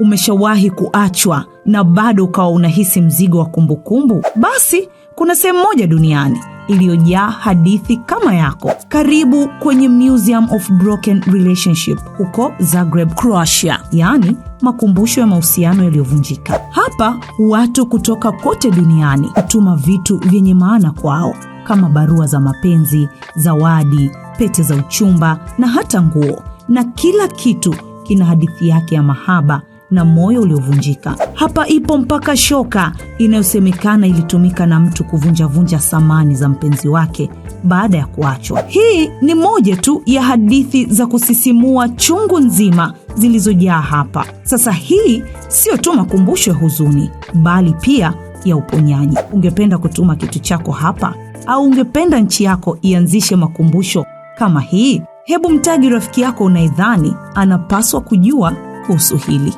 Umeshawahi kuachwa na bado ukawa unahisi mzigo wa kumbukumbu? Basi kuna sehemu moja duniani iliyojaa hadithi kama yako. Karibu kwenye Museum of Broken Relationship huko Zagreb, Croatia, yaani makumbusho ya mahusiano yaliyovunjika. Hapa watu kutoka kote duniani hutuma vitu vyenye maana kwao kama barua za mapenzi, zawadi, pete za uchumba na hata nguo, na kila kitu kina hadithi yake ya mahaba na moyo uliovunjika. Hapa ipo mpaka shoka inayosemekana ilitumika na mtu kuvunjavunja samani za mpenzi wake baada ya kuachwa. Hii ni moja tu ya hadithi za kusisimua chungu nzima zilizojaa hapa. Sasa hii sio tu makumbusho ya huzuni, bali pia ya uponyaji. Ungependa kutuma kitu chako hapa, au ungependa nchi yako ianzishe makumbusho kama hii? Hebu mtaji rafiki yako unaidhani anapaswa kujua kuhusu hili.